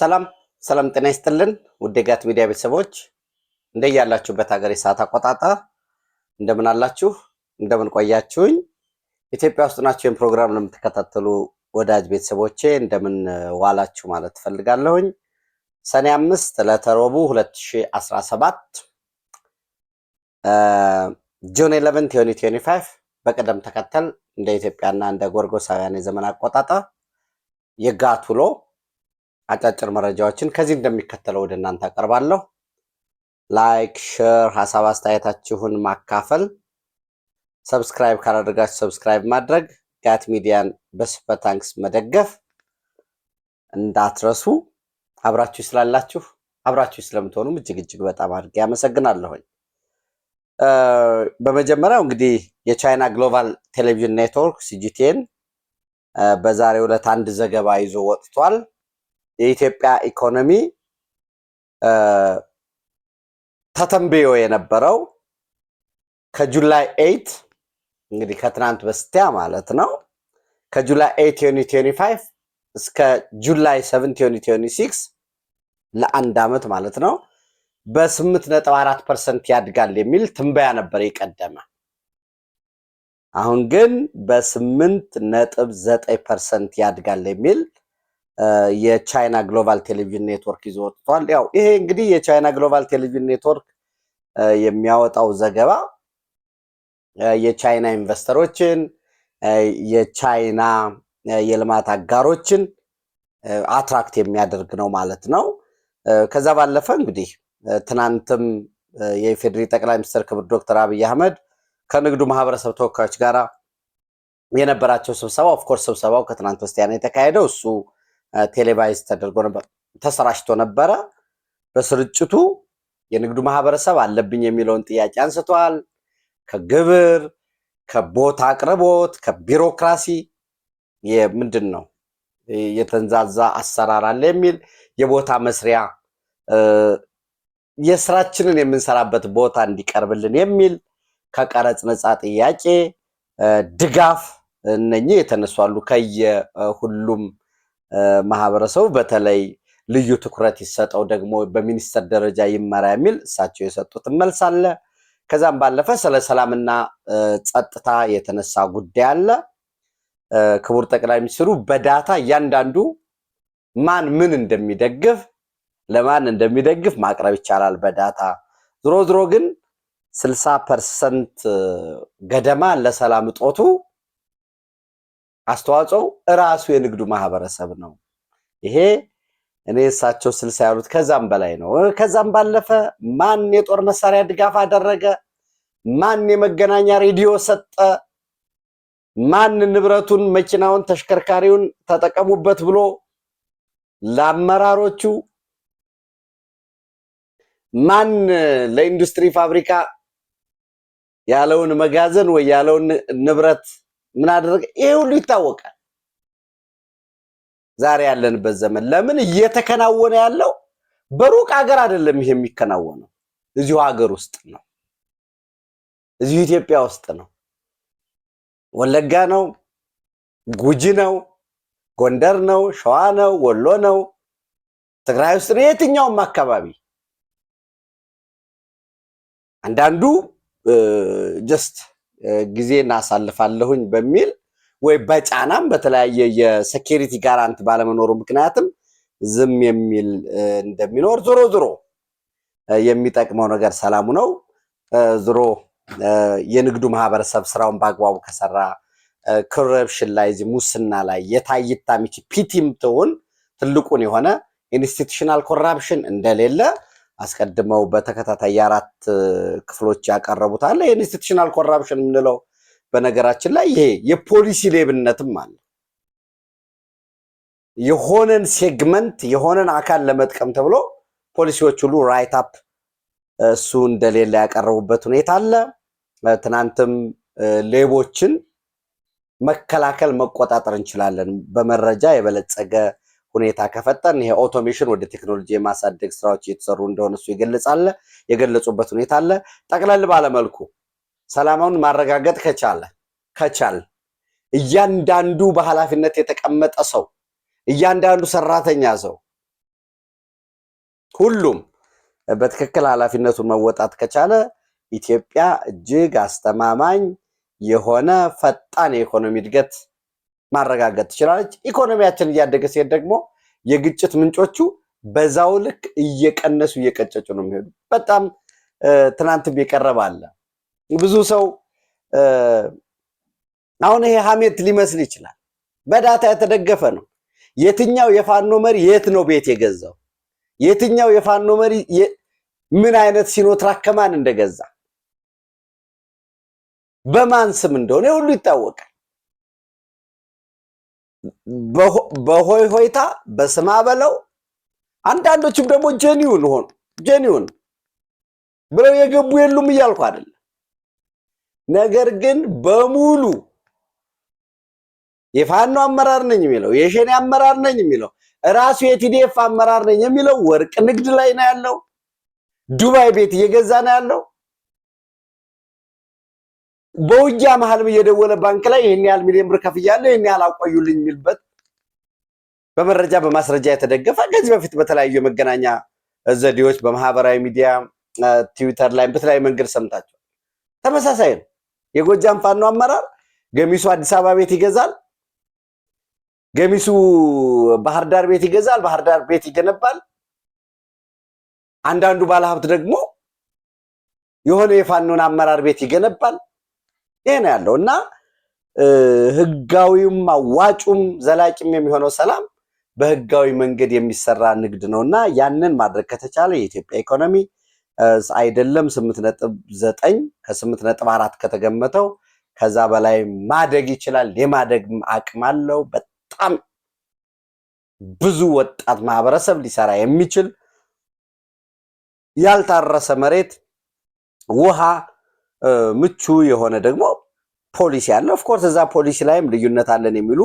ሰላም ሰላም፣ ጤና ይስጥልን ውድ የጋት ሚዲያ ቤተሰቦች እንደያላችሁበት ሀገር የሰዓት አቆጣጠር እንደምን አላችሁ? እንደምን ቆያችሁኝ? ኢትዮጵያ ውስጥ ናችሁ ይህን ፕሮግራም ለምትከታተሉ ወዳጅ ቤተሰቦቼ እንደምን ዋላችሁ ማለት ትፈልጋለሁኝ። ሰኔ አምስት ለተሮቡ 2017 ጆን 11 2025 በቅደም ተከተል እንደ ኢትዮጵያና እንደ ጎርጎሳውያን የዘመን አቆጣጠር የጋት ውሎ አጫጭር መረጃዎችን ከዚህ እንደሚከተለው ወደ እናንተ አቀርባለሁ። ላይክ፣ ሼር፣ ሀሳብ አስተያየታችሁን ማካፈል፣ ሰብስክራይብ ካላደርጋችሁ ሰብስክራይብ ማድረግ፣ ጋት ሚዲያን በሱፐር ታንክስ መደገፍ እንዳትረሱ። አብራችሁ ስላላችሁ አብራችሁ ስለምትሆኑም እጅግ እጅግ በጣም አድርጌ አመሰግናለሁኝ። በመጀመሪያው እንግዲህ የቻይና ግሎባል ቴሌቪዥን ኔትወርክ ሲጂቲኤን በዛሬው ዕለት አንድ ዘገባ ይዞ ወጥቷል። የኢትዮጵያ ኢኮኖሚ ተተንብዮ የነበረው ከጁላይ ኤይት እንግዲህ ከትናንት በስቲያ ማለት ነው ከጁላይ ኤይት ዮኒ ፋይቭ እስከ ጁላይ ሰቨንት ዮኒ ሲክስ ለአንድ ዓመት ማለት ነው በስምንት ነጥብ አራት ፐርሰንት ያድጋል የሚል ትንበያ ነበር የቀደመ። አሁን ግን በስምንት ነጥብ ዘጠኝ ፐርሰንት ያድጋል የሚል የቻይና ግሎባል ቴሌቪዥን ኔትወርክ ይዞ ወጥቷል። ያው ይሄ እንግዲህ የቻይና ግሎባል ቴሌቪዥን ኔትወርክ የሚያወጣው ዘገባ የቻይና ኢንቨስተሮችን፣ የቻይና የልማት አጋሮችን አትራክት የሚያደርግ ነው ማለት ነው። ከዛ ባለፈ እንግዲህ ትናንትም የኢፌዴሪ ጠቅላይ ሚኒስትር ክብር ዶክተር አብይ አህመድ ከንግዱ ማህበረሰብ ተወካዮች ጋር የነበራቸው ስብሰባ ኦፍኮርስ ስብሰባው ከትናንት በስቲያ ነው የተካሄደው እሱ ቴሌቫይዝ ተደርጎ ነበር፣ ተሰራጭቶ ነበረ። በስርጭቱ የንግዱ ማህበረሰብ አለብኝ የሚለውን ጥያቄ አንስቷል። ከግብር ከቦታ አቅርቦት ከቢሮክራሲ ምንድን ነው የተንዛዛ አሰራር አለ የሚል የቦታ መስሪያ የስራችንን የምንሰራበት ቦታ እንዲቀርብልን የሚል ከቀረጽ ነፃ ጥያቄ ድጋፍ እነኚህ የተነሷሉ ከየሁሉም ማህበረሰቡ በተለይ ልዩ ትኩረት ይሰጠው ደግሞ በሚኒስተር ደረጃ ይመራ የሚል እሳቸው የሰጡትን መልስ አለ። ከዛም ባለፈ ስለ ሰላምና ጸጥታ የተነሳ ጉዳይ አለ። ክቡር ጠቅላይ ሚኒስትሩ በዳታ እያንዳንዱ ማን ምን እንደሚደግፍ ለማን እንደሚደግፍ ማቅረብ ይቻላል በዳታ ዝሮ ዝሮ ግን ስልሳ ፐርሰንት ገደማ ለሰላም እጦቱ አስተዋጽኦው እራሱ የንግዱ ማህበረሰብ ነው። ይሄ እኔ እሳቸው ስልሳ ያሉት ከዛም በላይ ነው። ከዛም ባለፈ ማን የጦር መሳሪያ ድጋፍ አደረገ? ማን የመገናኛ ሬዲዮ ሰጠ? ማን ንብረቱን፣ መኪናውን፣ ተሽከርካሪውን ተጠቀሙበት ብሎ ለአመራሮቹ ማን ለኢንዱስትሪ ፋብሪካ ያለውን መጋዘን ወይ ያለውን ንብረት ምን አደረገ? ይሄ ሁሉ ይታወቃል። ዛሬ ያለንበት ዘመን ለምን እየተከናወነ ያለው በሩቅ ሀገር አይደለም። ይሄ የሚከናወነው እዚሁ ሀገር ውስጥ ነው። እዚሁ ኢትዮጵያ ውስጥ ነው። ወለጋ ነው፣ ጉጂ ነው፣ ጎንደር ነው፣ ሸዋ ነው፣ ወሎ ነው፣ ትግራይ ውስጥ ነው። የትኛውም አካባቢ አንዳንዱ ጀስት ጊዜ እናሳልፋለሁኝ በሚል ወይ በጫናም በተለያየ የሴኪሪቲ ጋራንት ባለመኖሩ ምክንያትም ዝም የሚል እንደሚኖር ዞሮ ዞሮ የሚጠቅመው ነገር ሰላሙ ነው። ዞሮ የንግዱ ማህበረሰብ ስራውን በአግባቡ ከሰራ ኮረፕሽን ላይ እዚህ ሙስና ላይ የታይታ ሚቺ ፒቲም ትውን ትልቁን የሆነ ኢንስቲቱሽናል ኮራፕሽን እንደሌለ አስቀድመው በተከታታይ የአራት ክፍሎች ያቀረቡት የኢንስቲቱሽናል ኮራፕሽን የምንለው በነገራችን ላይ ይሄ የፖሊሲ ሌብነትም አለ። የሆነን ሴግመንት የሆነን አካል ለመጥቀም ተብሎ ፖሊሲዎች ሁሉ ራይት አፕ እሱ እንደሌለ ያቀረቡበት ሁኔታ አለ። ትናንትም ሌቦችን መከላከል መቆጣጠር እንችላለን በመረጃ የበለጸገ ሁኔታ ከፈጠን ይሄ ኦቶሜሽን ወደ ቴክኖሎጂ የማሳደግ ስራዎች እየተሰሩ እንደሆነ እሱ ይገልጻል የገለጹበት ሁኔታ አለ። ጠቅለል ባለመልኩ ሰላማውን ማረጋገጥ ከቻለ ከቻል እያንዳንዱ በኃላፊነት የተቀመጠ ሰው እያንዳንዱ ሰራተኛ ሰው ሁሉም በትክክል ኃላፊነቱን መወጣት ከቻለ ኢትዮጵያ እጅግ አስተማማኝ የሆነ ፈጣን የኢኮኖሚ እድገት ማረጋገጥ ትችላለች። ኢኮኖሚያችን እያደገ ሲሄድ ደግሞ የግጭት ምንጮቹ በዛው ልክ እየቀነሱ እየቀጨጩ ነው የሚሄዱ። በጣም ትናንትም የቀረበ አለ። ብዙ ሰው አሁን ይሄ ሀሜት ሊመስል ይችላል። በዳታ የተደገፈ ነው። የትኛው የፋኖ መሪ የት ነው ቤት የገዛው? የትኛው የፋኖ መሪ ምን አይነት ሲኖትራክ ከማን እንደገዛ በማን ስም እንደሆነ ሁሉ ይታወቃል። በሆይ ሆይታ በስማ በለው አንዳንዶችም ደግሞ ጀኒውን ሆኑ ጀኒውን ብለው የገቡ የሉም እያልኩ አይደለም። ነገር ግን በሙሉ የፋኖ አመራር ነኝ የሚለው የሸኔ አመራር ነኝ የሚለው ራሱ የቲዲኤፍ አመራር ነኝ የሚለው ወርቅ ንግድ ላይ ነው ያለው። ዱባይ ቤት እየገዛ ነው ያለው። በውጊያ መሀልም እየደወለ ባንክ ላይ ይህን ያህል ሚሊዮን ብር ከፍያለሁ ይህን ያህል አቆዩልኝ የሚልበት በመረጃ በማስረጃ የተደገፈ ከዚህ በፊት በተለያዩ የመገናኛ ዘዴዎች በማህበራዊ ሚዲያ ትዊተር ላይ በተለያዩ መንገድ ሰምታቸው ተመሳሳይ ነው። የጎጃም ፋኖ አመራር ገሚሱ አዲስ አበባ ቤት ይገዛል፣ ገሚሱ ባህር ዳር ቤት ይገዛል፣ ባህር ዳር ቤት ይገነባል። አንዳንዱ ባለሀብት ደግሞ የሆነ የፋኖን አመራር ቤት ይገነባል። ይሄ ነው ያለው እና ህጋዊም አዋጩም ዘላቂም የሚሆነው ሰላም በህጋዊ መንገድ የሚሰራ ንግድ ነው እና ያንን ማድረግ ከተቻለ የኢትዮጵያ ኢኮኖሚ አይደለም ስምንት ነጥብ ዘጠኝ ከስምንት ነጥብ አራት ከተገመተው ከዛ በላይ ማደግ ይችላል። የማደግ አቅም አለው። በጣም ብዙ ወጣት ማህበረሰብ ሊሰራ የሚችል ያልታረሰ መሬት፣ ውሃ ምቹ የሆነ ደግሞ ፖሊሲ አለ። ኦፍኮርስ እዛ ፖሊሲ ላይም ልዩነት አለን የሚሉ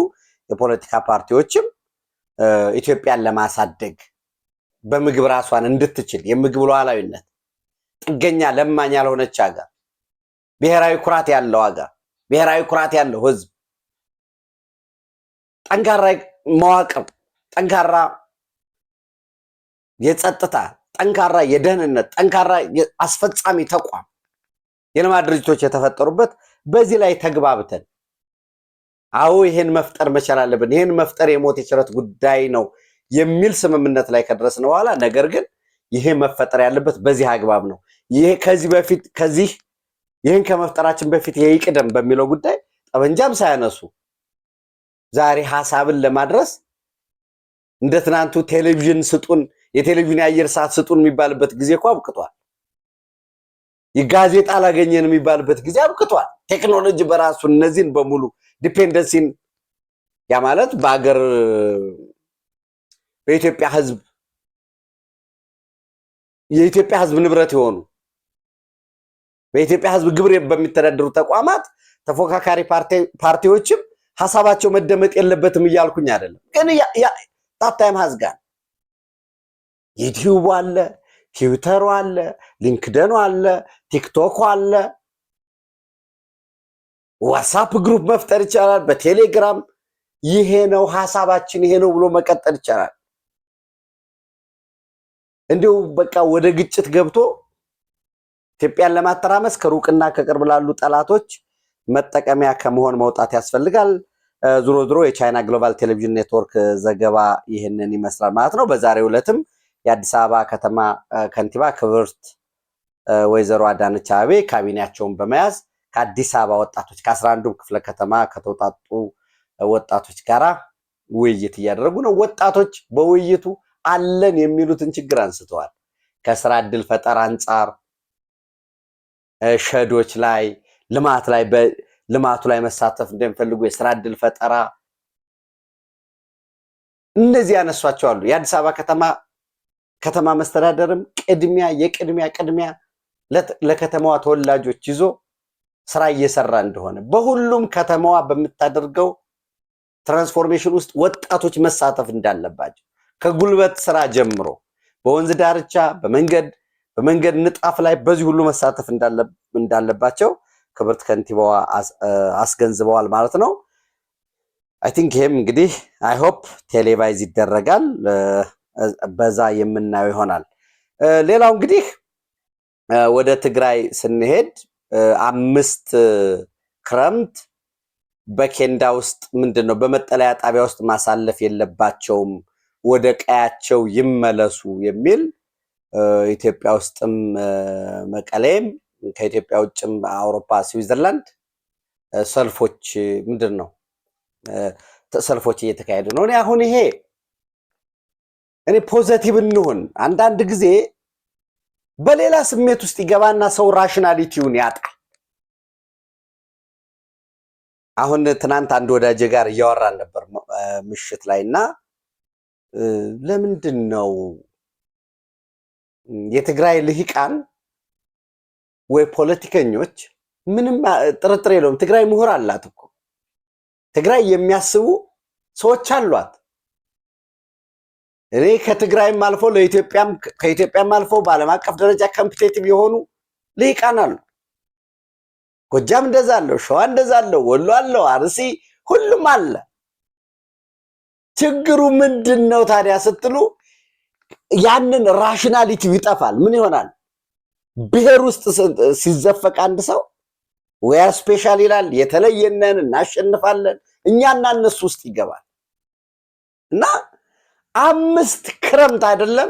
የፖለቲካ ፓርቲዎችም ኢትዮጵያን ለማሳደግ በምግብ ራሷን እንድትችል የምግብ ሉዓላዊነት ጥገኛ ለማኝ ያልሆነች ሀገር ብሔራዊ ኩራት ያለው ሀገር ብሔራዊ ኩራት ያለው ህዝብ ጠንካራ መዋቅር፣ ጠንካራ የጸጥታ፣ ጠንካራ የደህንነት፣ ጠንካራ አስፈጻሚ ተቋም የልማት ድርጅቶች የተፈጠሩበት በዚህ ላይ ተግባብተን አዎ ይሄን መፍጠር መቻል አለብን፣ ይሄን መፍጠር የሞት የችረት ጉዳይ ነው የሚል ስምምነት ላይ ከደረስን በኋላ ነገር ግን ይሄ መፈጠር ያለበት በዚህ አግባብ ነው፣ ይሄ ከዚህ በፊት ከዚህ ይህን ከመፍጠራችን በፊት ይሄ ይቅደም በሚለው ጉዳይ ጠመንጃም ሳያነሱ ዛሬ ሀሳብን ለማድረስ እንደ ትናንቱ ቴሌቪዥን ስጡን የቴሌቪዥን የአየር ሰዓት ስጡን የሚባልበት ጊዜ እኮ አብቅቷል። ጋዜጣ አላገኘን የሚባልበት ጊዜ አብቅቷል። ቴክኖሎጂ በራሱ እነዚህን በሙሉ ዲፔንደንሲን ያ ማለት በአገር በኢትዮጵያ ሕዝብ የኢትዮጵያ ሕዝብ ንብረት የሆኑ በኢትዮጵያ ሕዝብ ግብር በሚተዳደሩ ተቋማት ተፎካካሪ ፓርቲዎችም ሀሳባቸው መደመጥ የለበትም እያልኩኝ አይደለም። ግን ታታይም ሀዝጋን ዩቲዩብ አለ፣ ትዊተሩ አለ፣ ሊንክደኑ አለ፣ ቲክቶክ አለ፣ ዋትሳፕ ግሩፕ መፍጠር ይቻላል፣ በቴሌግራም ይሄ ነው ሀሳባችን፣ ይሄ ነው ብሎ መቀጠል ይቻላል። እንዲሁ በቃ ወደ ግጭት ገብቶ ኢትዮጵያን ለማተራመስ ከሩቅና ከቅርብ ላሉ ጠላቶች መጠቀሚያ ከመሆን መውጣት ያስፈልጋል። ዝሮ ዝሮ የቻይና ግሎባል ቴሌቪዥን ኔትወርክ ዘገባ ይህንን ይመስላል ማለት ነው። በዛሬው ዕለትም የአዲስ አበባ ከተማ ከንቲባ ክብርት ወይዘሮ አዳነች አቤ ካቢኔያቸውን በመያዝ ከአዲስ አበባ ወጣቶች ከአስራ አንዱም ክፍለ ከተማ ከተውጣጡ ወጣቶች ጋራ ውይይት እያደረጉ ነው። ወጣቶች በውይይቱ አለን የሚሉትን ችግር አንስተዋል። ከስራ እድል ፈጠራ አንጻር፣ ሸዶች ላይ ልማት ላይ ልማቱ ላይ መሳተፍ እንደሚፈልጉ የስራ እድል ፈጠራ እነዚህ ያነሷቸው አሉ። የአዲስ አበባ ከተማ ከተማ መስተዳደርም ቅድሚያ የቅድሚያ ቅድሚያ ለከተማዋ ተወላጆች ይዞ ስራ እየሰራ እንደሆነ በሁሉም ከተማዋ በምታደርገው ትራንስፎርሜሽን ውስጥ ወጣቶች መሳተፍ እንዳለባቸው ከጉልበት ስራ ጀምሮ በወንዝ ዳርቻ፣ በመንገድ በመንገድ ንጣፍ ላይ በዚህ ሁሉ መሳተፍ እንዳለባቸው ክብርት ከንቲባዋ አስገንዝበዋል ማለት ነው። አይ ቲንክ ይሄም እንግዲህ አይ ሆፕ ቴሌቫይዝ ይደረጋል፣ በዛ የምናየው ይሆናል። ሌላው እንግዲህ ወደ ትግራይ ስንሄድ አምስት ክረምት በኬንዳ ውስጥ ምንድን ነው በመጠለያ ጣቢያ ውስጥ ማሳለፍ የለባቸውም፣ ወደ ቀያቸው ይመለሱ የሚል ኢትዮጵያ ውስጥም መቀሌም ከኢትዮጵያ ውጭም አውሮፓ ስዊዘርላንድ ሰልፎች ምንድን ነው ሰልፎች እየተካሄዱ ነው። እኔ አሁን ይሄ እኔ ፖዘቲቭ እንሁን አንዳንድ ጊዜ በሌላ ስሜት ውስጥ ይገባና ሰው ራሽናሊቲውን ያጣል። አሁን ትናንት አንድ ወዳጅ ጋር እያወራን ነበር ምሽት ላይ እና ለምንድን ነው የትግራይ ልሂቃን ወይ ፖለቲከኞች ምንም ጥርጥር የለውም ትግራይ ምሁር አላት እኮ ትግራይ የሚያስቡ ሰዎች አሏት እኔ ከትግራይም አልፎ ከኢትዮጵያም አልፎ በዓለም አቀፍ ደረጃ ኮምፒቴቲቭ የሆኑ ልሂቃን አሉ። ጎጃም እንደዛ አለው፣ ሸዋ እንደዛ አለው፣ ወሎ አለው፣ አርሲ ሁሉም አለ። ችግሩ ምንድን ነው ታዲያ ስትሉ ያንን ራሽናሊቲው ይጠፋል። ምን ይሆናል? ብሔር ውስጥ ሲዘፈቅ አንድ ሰው ወያ ስፔሻል ይላል። የተለየነን እናሸንፋለን። እኛና እነሱ ውስጥ ይገባል እና አምስት ክረምት አይደለም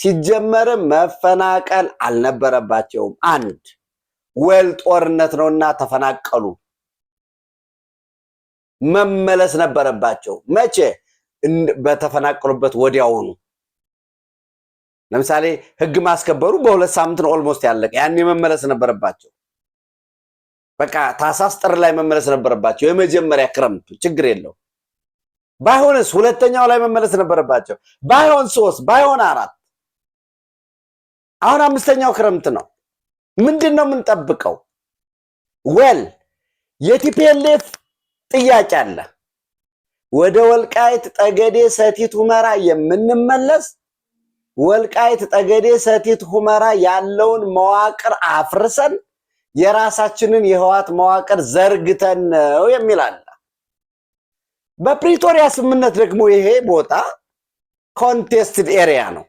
ሲጀመርም መፈናቀል አልነበረባቸውም። አንድ ወል ጦርነት ነውና ተፈናቀሉ። መመለስ ነበረባቸው። መቼ? በተፈናቀሉበት ወዲያውኑ። ለምሳሌ ህግ ማስከበሩ በሁለት ሳምንት ነው ኦልሞስት ያለቀ። ያኔ መመለስ ነበረባቸው። በቃ ታሳስ ጥር ላይ መመለስ ነበረባቸው። የመጀመሪያ ክረምቱ ችግር የለው ባይሆንስ ሁለተኛው ላይ መመለስ ነበረባቸው። ባይሆን ሶስት፣ ባይሆን አራት። አሁን አምስተኛው ክረምት ነው። ምንድን ነው የምንጠብቀው? ወል የቲፒኤልኤፍ ጥያቄ አለ። ወደ ወልቃይት ጠገዴ፣ ሰቲት ሁመራ የምንመለስ ወልቃይት ጠገዴ፣ ሰቲት ሁመራ ያለውን መዋቅር አፍርሰን የራሳችንን የህዋት መዋቅር ዘርግተን ነው የሚል አለ። በፕሪቶሪያ ስምምነት ደግሞ ይሄ ቦታ ኮንቴስትድ ኤሪያ ነው።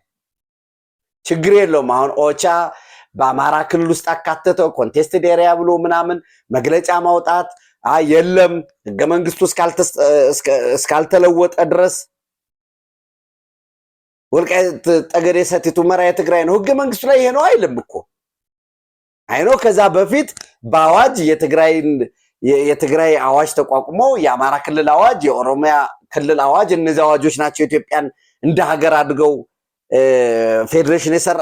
ችግር የለውም። አሁን ኦቻ በአማራ ክልል ውስጥ አካተተው ኮንቴስትድ ኤሪያ ብሎ ምናምን መግለጫ ማውጣት የለም ህገ መንግስቱ እስካልተለወጠ ድረስ ወልቃይት ጠገዴ፣ ሰቲት ሁመራ የትግራይ ነው። ህገ መንግስቱ ላይ ይሄ ነው አይልም እኮ አይኖ ከዛ በፊት በአዋጅ የትግራይን የትግራይ አዋጅ ተቋቁሞ የአማራ ክልል አዋጅ፣ የኦሮሚያ ክልል አዋጅ፣ እነዚህ አዋጆች ናቸው ኢትዮጵያን እንደ ሀገር አድርገው ፌዴሬሽን የሰራ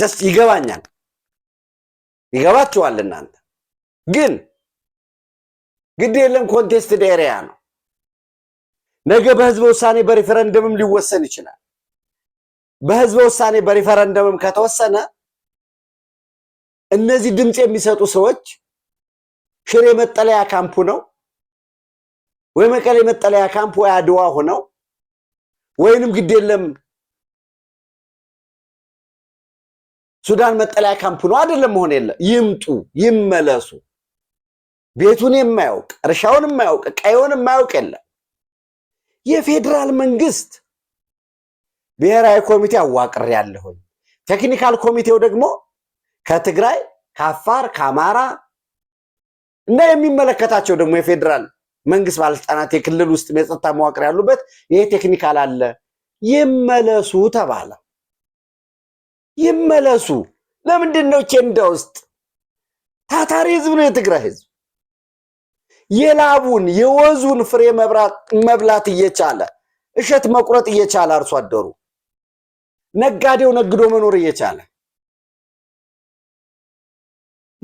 ጀስት ይገባኛል፣ ይገባችኋል። እናንተ ግን ግድ የለም ኮንቴስትድ ኤሪያ ነው። ነገ በህዝበ ውሳኔ በሪፈረንደምም ሊወሰን ይችላል። በህዝበ ውሳኔ በሪፈረንደምም ከተወሰነ እነዚህ ድምፅ የሚሰጡ ሰዎች ሽሬ መጠለያ ካምፑ ነው ወይ መቀሌ መጠለያ ካምፕ ወይ አድዋ ሆነው ወይንም ግድ የለም ሱዳን መጠለያ ካምፕ ነው አይደለም መሆን የለም። ይምጡ ይመለሱ። ቤቱን የማያውቅ እርሻውን የማያውቅ ቀየውን የማያውቅ የለም። የፌዴራል መንግስት ብሔራዊ ኮሚቴ አዋቅር ያለሁኝ ቴክኒካል ኮሚቴው ደግሞ ከትግራይ፣ ከአፋር፣ ከአማራ እና የሚመለከታቸው ደግሞ የፌዴራል መንግስት ባለስልጣናት የክልል ውስጥ የጸጥታ መዋቅር ያሉበት ይሄ ቴክኒካል አለ ይመለሱ ተባለ። ይመለሱ። ለምንድን ነው ኬንዳ ውስጥ ታታሪ ህዝብ ነው የትግራይ ህዝብ የላቡን የወዙን ፍሬ መብላት እየቻለ እሸት መቁረጥ እየቻለ አርሶ አደሩ ነጋዴው ነግዶ መኖር እየቻለ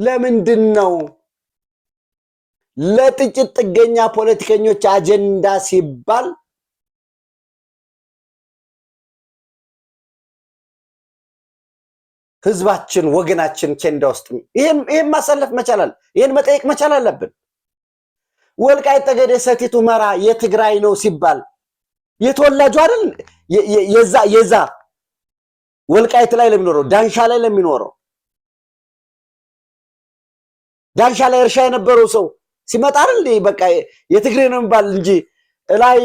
ለምንድን ነው ለጥቂት ጥገኛ ፖለቲከኞች አጀንዳ ሲባል ህዝባችን ወገናችን ኬንዳ ውስጥ ይህም ማሳለፍ መቻላል፣ ይህን መጠየቅ መቻል አለብን። ወልቃይ ጠገዴ ሰቲት ሁመራ የትግራይ ነው ሲባል የተወላጁ አይደል? የዛ የዛ ወልቃይት ላይ ለሚኖረው ዳንሻ ላይ ለሚኖረው ዳንሻ ላይ እርሻ የነበረው ሰው ሲመጣ እንዴ በቃ የትግሬ ነው የሚባል እንጂ እላይ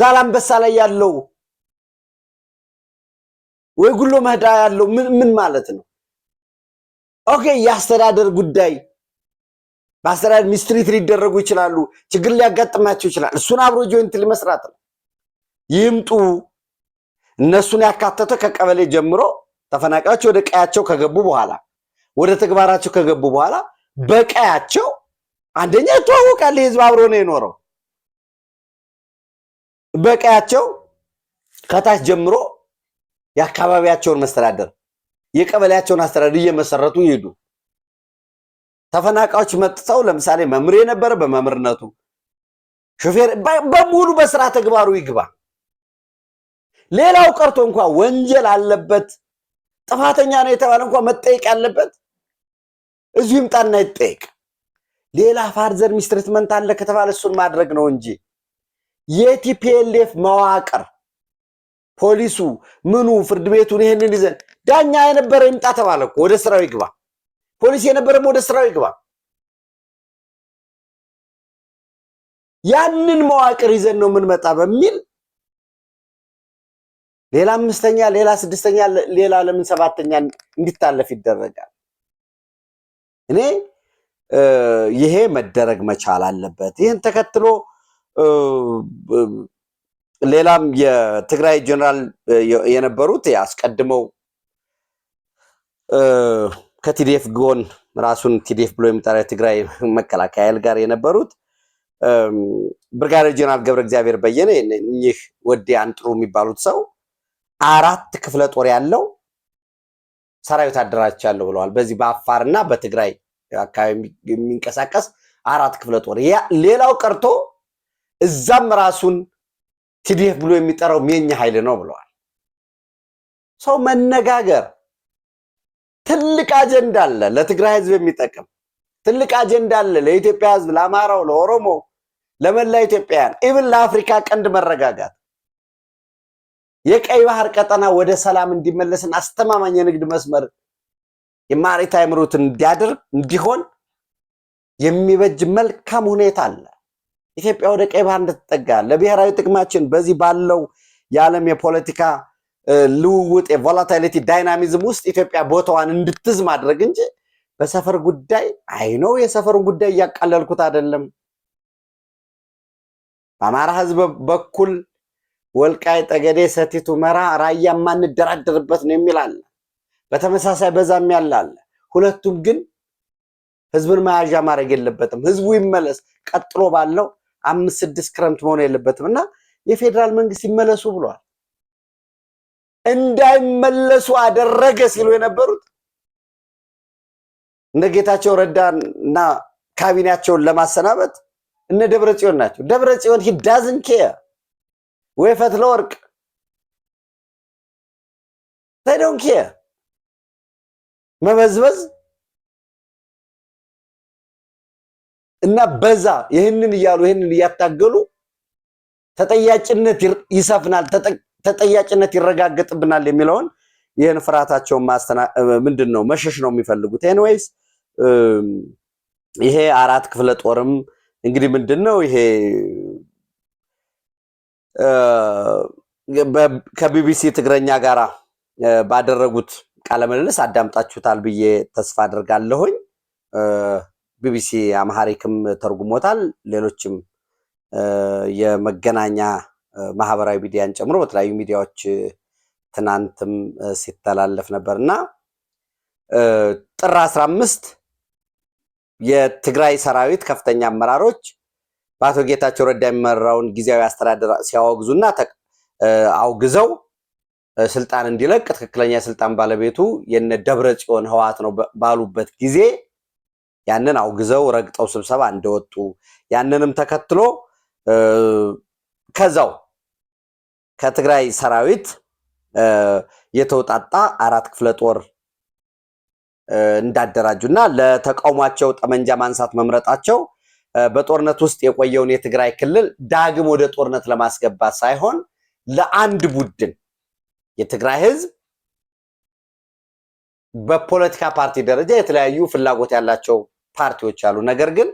ዛላምበሳ ላይ ያለው ወይ ጉሎ መህዳ ያለው ምን ማለት ነው? ኦኬ የአስተዳደር ጉዳይ በአስተዳደር ሚስትሪት ሊደረጉ ይችላሉ። ችግር ሊያጋጥማቸው ይችላል። እሱን አብሮ ጆይንት ሊመስራት ነው። ይምጡ እነሱን ያካተተ ከቀበሌ ጀምሮ ተፈናቃዮች ወደ ቀያቸው ከገቡ በኋላ ወደ ተግባራቸው ከገቡ በኋላ በቀያቸው አንደኛ ይተዋወቃል፣ ህዝብ አብሮ ነው የኖረው። በቀያቸው ከታች ጀምሮ የአካባቢያቸውን መስተዳደር የቀበሌያቸውን አስተዳደር እየመሰረቱ ይሄዱ። ተፈናቃዮች መጥተው ለምሳሌ መምህር የነበረ በመምህርነቱ ሹፌር በሙሉ በስራ ተግባሩ ይግባ። ሌላው ቀርቶ እንኳ ወንጀል አለበት ጥፋተኛ ነው የተባለ እንኳ መጠየቅ ያለበት እዚሁ ይምጣና ይጠየቅ። ሌላ ፋርዘር ሚስትሪትመንት አለ ከተባለ እሱን ማድረግ ነው እንጂ የቲፒኤልኤፍ መዋቅር ፖሊሱ፣ ምኑ፣ ፍርድ ቤቱን ይህንን ይዘን ዳኛ የነበረ ይምጣ ተባለ እኮ ወደ ስራው ይግባ። ፖሊስ የነበረም ወደ ስራው ይግባ። ያንን መዋቅር ይዘን ነው የምንመጣ በሚል ሌላ አምስተኛ፣ ሌላ ስድስተኛ፣ ሌላ ለምን ሰባተኛ እንዲታለፍ ይደረጋል እኔ ይሄ መደረግ መቻል አለበት። ይህን ተከትሎ ሌላም የትግራይ ጀኔራል የነበሩት አስቀድመው ከቲዲኤፍ ጎን ራሱን ቲዲኤፍ ብሎ የሚጠራ የትግራይ መከላከያ ኃይል ጋር የነበሩት ብርጋዴር ጀኔራል ገብረ እግዚአብሔር በየነ እኚህ ወዲ አንጥሩ የሚባሉት ሰው አራት ክፍለ ጦር ያለው ሰራዊት አደራጅቻለሁ ብለዋል። በዚህ በአፋርና በትግራይ አካባቢ የሚንቀሳቀስ አራት ክፍለ ጦር ሌላው ቀርቶ እዛም ራሱን ቲዲኤፍ ብሎ የሚጠራው የኛ ኃይል ነው ብለዋል። ሰው መነጋገር ትልቅ አጀንዳ አለ፣ ለትግራይ ህዝብ የሚጠቅም ትልቅ አጀንዳ አለ፣ ለኢትዮጵያ ህዝብ፣ ለአማራው፣ ለኦሮሞ፣ ለመላ ኢትዮጵያውያን ኢብን ለአፍሪካ ቀንድ መረጋጋት የቀይ ባህር ቀጠና ወደ ሰላም እንዲመለስን አስተማማኝ የንግድ መስመር የማሪታይም ሩት እንዲያደርግ እንዲሆን የሚበጅ መልካም ሁኔታ አለ። ኢትዮጵያ ወደ ቀይ ባህር እንደተጠጋ ለብሔራዊ ጥቅማችን በዚህ ባለው የዓለም የፖለቲካ ልውውጥ የቮላታሊቲ ዳይናሚዝም ውስጥ ኢትዮጵያ ቦታዋን እንድትዝ ማድረግ እንጂ በሰፈር ጉዳይ አይነው የሰፈሩን ጉዳይ እያቃለልኩት አይደለም። በአማራ ሕዝብ በኩል ወልቃይ ጠገዴ፣ ሰቲት ሁመራ፣ ራያ የማንደራደርበት ነው የሚላል። በተመሳሳይ በዛም ያለ አለ። ሁለቱም ግን ህዝብን መያዣ ማድረግ የለበትም። ህዝቡ ይመለስ፣ ቀጥሎ ባለው አምስት ስድስት ክረምት መሆን የለበትም እና የፌዴራል መንግስት ይመለሱ ብሏል። እንዳይመለሱ አደረገ ሲሉ የነበሩት እነ ጌታቸው ረዳን እና ካቢኔያቸውን ለማሰናበት እነ ደብረ ጽዮን ናቸው። ደብረ ጽዮን ሂ ዳዝን ኬር ወይ ወርቅ ዶን ኬር መበዝበዝ እና በዛ ይህንን እያሉ ይህንን እያታገሉ ተጠያቂነት ይሰፍናል፣ ተጠያቂነት ይረጋገጥብናል የሚለውን ይህን ፍርሃታቸውን ማስተና ምንድን ነው መሸሽ ነው የሚፈልጉት። ኤንዌይስ ይሄ አራት ክፍለ ጦርም እንግዲህ ምንድን ነው ይሄ ከቢቢሲ ትግረኛ ጋራ ባደረጉት ቃለምልልስ አዳምጣችሁታል ብዬ ተስፋ አድርጋለሁኝ። ቢቢሲ አምሃሪክም ተርጉሞታል። ሌሎችም የመገናኛ ማህበራዊ ሚዲያን ጨምሮ በተለያዩ ሚዲያዎች ትናንትም ሲተላለፍ ነበር እና ጥር አስራ አምስት የትግራይ ሰራዊት ከፍተኛ አመራሮች በአቶ ጌታቸው ረዳ የሚመራውን ጊዜያዊ አስተዳደር ሲያወግዙና አውግዘው ስልጣን እንዲለቅ ትክክለኛ የስልጣን ባለቤቱ የነ ደብረ ጽዮን ህወሓት ነው ባሉበት ጊዜ ያንን አውግዘው ረግጠው ስብሰባ እንደወጡ ያንንም ተከትሎ ከዛው ከትግራይ ሰራዊት የተውጣጣ አራት ክፍለ ጦር እንዳደራጁና እና ለተቃውሟቸው ጠመንጃ ማንሳት መምረጣቸው በጦርነት ውስጥ የቆየውን የትግራይ ክልል ዳግም ወደ ጦርነት ለማስገባት ሳይሆን ለአንድ ቡድን የትግራይ ህዝብ በፖለቲካ ፓርቲ ደረጃ የተለያዩ ፍላጎት ያላቸው ፓርቲዎች አሉ። ነገር ግን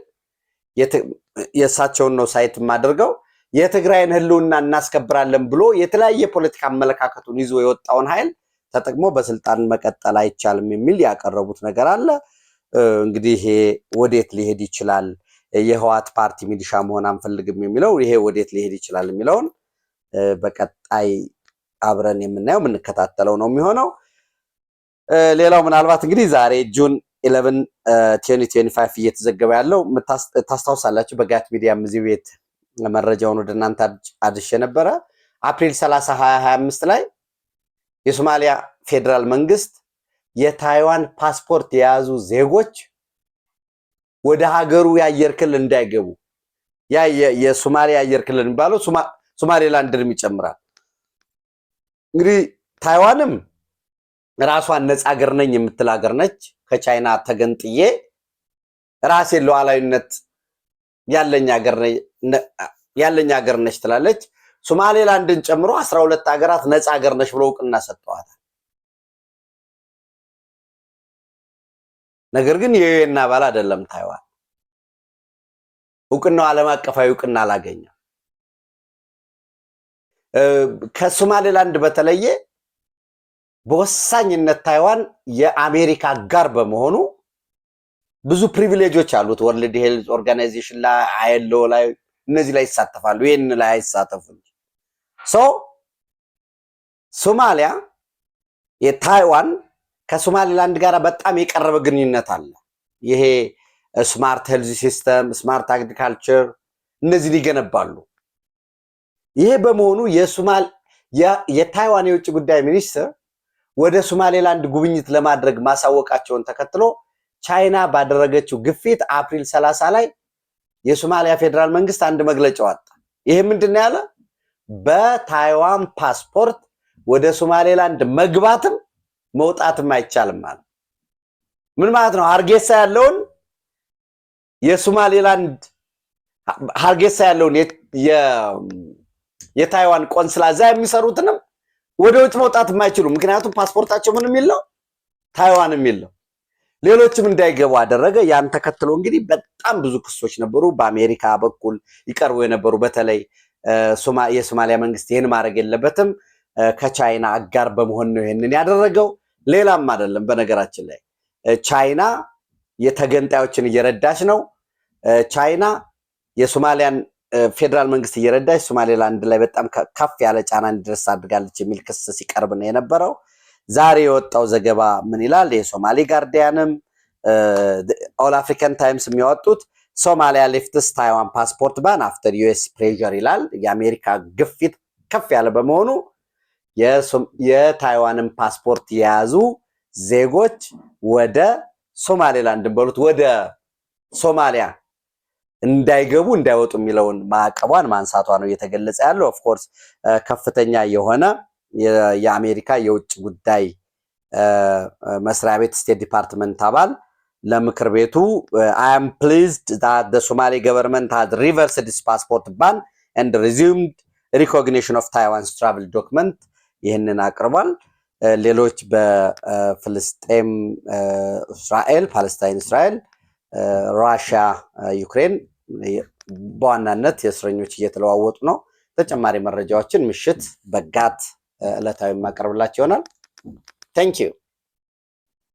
የእሳቸውን ነው ሳይት የማደርገው የትግራይን ህልውና እናስከብራለን ብሎ የተለያየ ፖለቲካ አመለካከቱን ይዞ የወጣውን ኃይል ተጠቅሞ በስልጣን መቀጠል አይቻልም የሚል ያቀረቡት ነገር አለ። እንግዲህ ይሄ ወዴት ሊሄድ ይችላል? የህዋት ፓርቲ ሚሊሻ መሆን አንፈልግም የሚለው ይሄ ወዴት ሊሄድ ይችላል የሚለውን በቀጣይ አብረን የምናየው የምንከታተለው ነው የሚሆነው። ሌላው ምናልባት እንግዲህ ዛሬ ጁን ኢለቨን እየተዘገበ ያለው ታስታውሳላችሁ። በጋት ሚዲያም እዚህ ቤት መረጃውን ወደ እናንተ አድሽ ነበረ። አፕሪል 30 2025 ላይ የሶማሊያ ፌዴራል መንግስት የታይዋን ፓስፖርት የያዙ ዜጎች ወደ ሀገሩ የአየር ክልል እንዳይገቡ ያ የሶማሊያ አየር ክልል የሚባለው ሶማሌላንድንም ይጨምራል እንግዲህ ታይዋንም ራሷን ነፃ ሀገር ነኝ የምትል ሀገር ነች። ከቻይና ተገንጥዬ ራሴን ሉዓላዊነት ያለኝ ሀገር ነች ትላለች። ሶማሌላንድን ጨምሮ አስራ ሁለት ሀገራት ነፃ ሀገር ነች ብሎ እውቅና ሰጥተዋታል። ነገር ግን የዩኤን አባል አይደለም ታይዋን። እውቅናው ዓለም አቀፋዊ እውቅና አላገኘም። ከሶማሌላንድ በተለየ በወሳኝነት ታይዋን የአሜሪካ ጋር በመሆኑ ብዙ ፕሪቪሌጆች አሉት። ወርልድ ሄልዝ ኦርጋናይዜሽን ላይ አየሎ ላይ እነዚህ ላይ ይሳተፋሉ። ይህን ላይ አይሳተፉ ሶ ሶማሊያ የታይዋን ከሶማሌላንድ ጋር በጣም የቀረበ ግንኙነት አለ። ይሄ ስማርት ሄልዝ ሲስተም፣ ስማርት አግሪካልቸር እነዚህን ይገነባሉ። ይሄ በመሆኑ የሱማል የታይዋን የውጭ ጉዳይ ሚኒስትር ወደ ሱማሌላንድ ጉብኝት ለማድረግ ማሳወቃቸውን ተከትሎ ቻይና ባደረገችው ግፊት አፕሪል 30 ላይ የሶማሊያ ፌዴራል መንግስት አንድ መግለጫ ወጣ። ይሄ ምንድን ያለ በታይዋን ፓስፖርት ወደ ሶማሌላንድ መግባትም መውጣትም አይቻልም ማለት ምን ማለት ነው? ሀርጌሳ ያለውን የሶማሌላንድ ሀርጌሳ ያለውን የታይዋን ቆንስላ እዛ የሚሰሩትንም ወደ ውጭ መውጣት የማይችሉ ምክንያቱም ፓስፖርታቸው ምን የሚል ነው? ታይዋን የሚል ነው። ሌሎችም እንዳይገቡ አደረገ። ያን ተከትሎ እንግዲህ በጣም ብዙ ክሶች ነበሩ በአሜሪካ በኩል ይቀርቡ የነበሩ በተለይ የሶማሊያ መንግስት ይህን ማድረግ የለበትም ከቻይና አጋር በመሆን ነው ይህንን ያደረገው። ሌላም አይደለም። በነገራችን ላይ ቻይና የተገንጣዮችን እየረዳች ነው። ቻይና የሶማሊያን ፌዴራል መንግስት እየረዳች ሶማሌላንድ ላይ በጣም ከፍ ያለ ጫና እንዲደርስ አድርጋለች የሚል ክስ ሲቀርብ ነው የነበረው። ዛሬ የወጣው ዘገባ ምን ይላል? የሶማሌ ጋርዲያንም ኦል አፍሪካን ታይምስ የሚያወጡት ሶማሊያ ሌፍትስ ታይዋን ፓስፖርት ባን አፍተር ዩኤስ ፕሬዥር ይላል። የአሜሪካ ግፊት ከፍ ያለ በመሆኑ የታይዋንን ፓስፖርት የያዙ ዜጎች ወደ ሶማሌላንድ በሉት ወደ ሶማሊያ እንዳይገቡ እንዳይወጡ የሚለውን ማዕቀቧን ማንሳቷ ነው እየተገለጸ ያለው። ኦፍኮርስ uh, ከፍተኛ የሆነ የአሜሪካ የውጭ ጉዳይ uh, መስሪያ ቤት ስቴት ዲፓርትመንት አባል ለምክር ቤቱ አም ፕሊዝድ ዛት ሶማሌ ገቨርንመንት ሃዝ ሪቨርስ ዲስ ፓስፖርት ባን ኤንድ ሪዚምድ ሪኮግኒሽን ኦፍ ታይዋንስ ትራቭል ዶክመንት ይህንን አቅርቧል። uh, ሌሎች በፍልስጤም እስራኤል፣ ፓለስታይን እስራኤል፣ ራሽያ ዩክሬን በዋናነት የእስረኞች እየተለዋወጡ ነው። ተጨማሪ መረጃዎችን ምሽት በጋት ዕለታዊ የማቀርብላቸው ይሆናል። ታንኪዩ